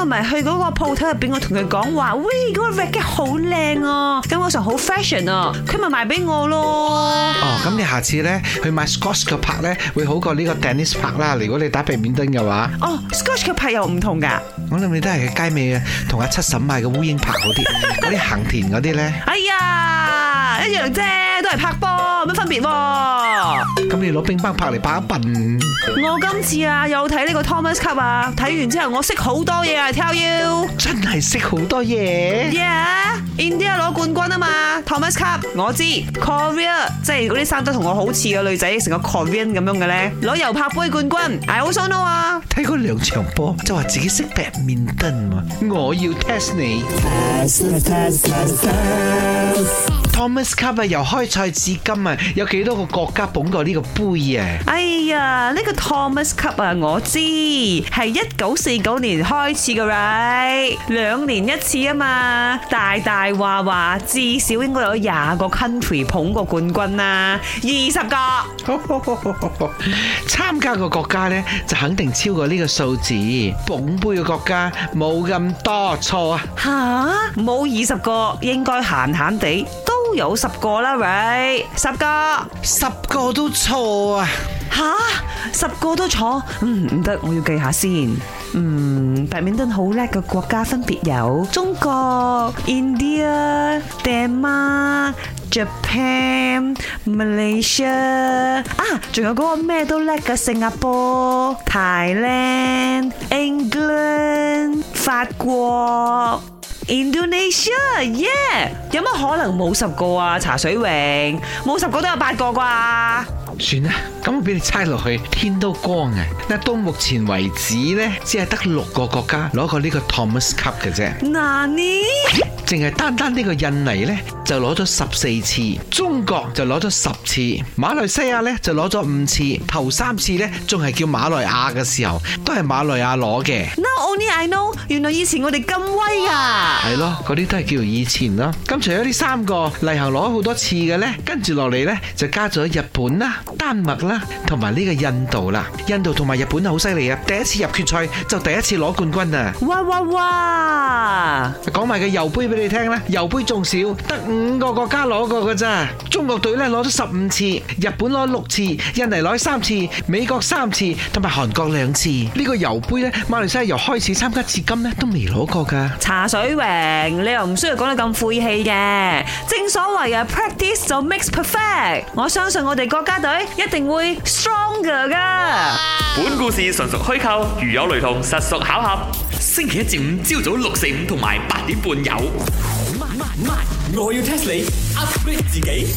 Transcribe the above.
我咪去嗰個鋪頭入邊，我同佢講話，喂，嗰、那個 racket 好靚啊，咁我上好 fashion 啊，佢咪賣俾我咯。哦，咁你下次咧去買 Scotch 嘅拍咧，會好過呢個 Dennis 拍啦。如果你打避免燈嘅話，哦，Scotch 嘅拍又唔同噶。我諗你都係街尾啊，同阿七嬸賣嘅烏蠅拍好啲，嗰啲 行田嗰啲咧。哎呀，一樣啫，都係拍波，冇乜分別。咁、 嗯、你攞乒乓拍嚟把笨？我今次啊又睇呢個 Thomas Cup 啊，睇完之後我識好多嘢啊！Tell you 真係識好多嘢。Yeah，India 攞冠軍啊嘛，Thomas Cup 我知。Korea 即係嗰啲生得同我好似嘅女仔，成個 Korean 咁樣嘅咧，攞尤伯杯冠軍。I also know 啊，睇過兩場波就話自己識劈面燈啊！我要 test 你。Thomas Cup 啊，由開賽至今啊，有幾多個國家捧過呢個杯啊？哎呀，呢、這個 Thomas Cup 啊，我知係一九四九年開始嘅，嚟，兩年一次啊嘛，大大話話至少應該有廿個 country 捧過冠軍啊。二十個參 加個國家呢，就肯定超過呢個數字，捧杯嘅國家冇咁多錯啊？吓，冇二十個應該閒閒地。都有十個啦喂，十個，十個都錯啊？吓，十個都錯。嗯，唔得，我要記下先。嗯，白面頓好叻嘅國家分別有中國 India Dama Japan Malaysia 啊，仲有個咩都叻嘅新加坡 Thailand England 法國 Indonesia、yeah. 有乜可能冇十個啊？茶水泳冇十個都有八個啩？算啦，咁我俾你猜落去，天都光嘅、啊。嗱到目前為止呢，只係得六個國家攞過呢個 Thomas Cup 嘅啫。印尼何，淨係、哎、單單呢個印尼呢，就攞咗十四次，中國就攞咗十次，馬來西亞呢，就攞咗五次。頭三次呢，仲係叫馬來亞嘅時候，都係馬來亞攞嘅。Now only I know，原來以前我哋咁威噶、啊。係咯，嗰啲都係叫以前咯。咁除咗呢三個例行攞好多次嘅呢，跟住落嚟呢，就加咗日本啦、丹麥啦，同埋呢個印度啦。印度同埋日本好犀利啊！第一次入決賽就第一次攞冠軍啊！哇哇哇！講埋個油杯俾你聽啦，油杯仲少，得五個國家攞過噶咋？中國隊呢攞咗十五次，日本攞六次，印尼攞三次，美國三次，同埋韓國兩次。呢個油杯呢，馬來西亞由開始參加至今呢，都未攞過噶。茶水你又唔需要講得咁晦氣嘅，正所謂啊，practice 就 makes perfect，我相信我哋國家隊一定會 stronger 噶。Wow. 本故事純屬虛構，如有雷同，實屬巧合。星期一至五朝早六四五同埋八點半有。Oh my, my, my. 我要 test 你，upgrade 自己。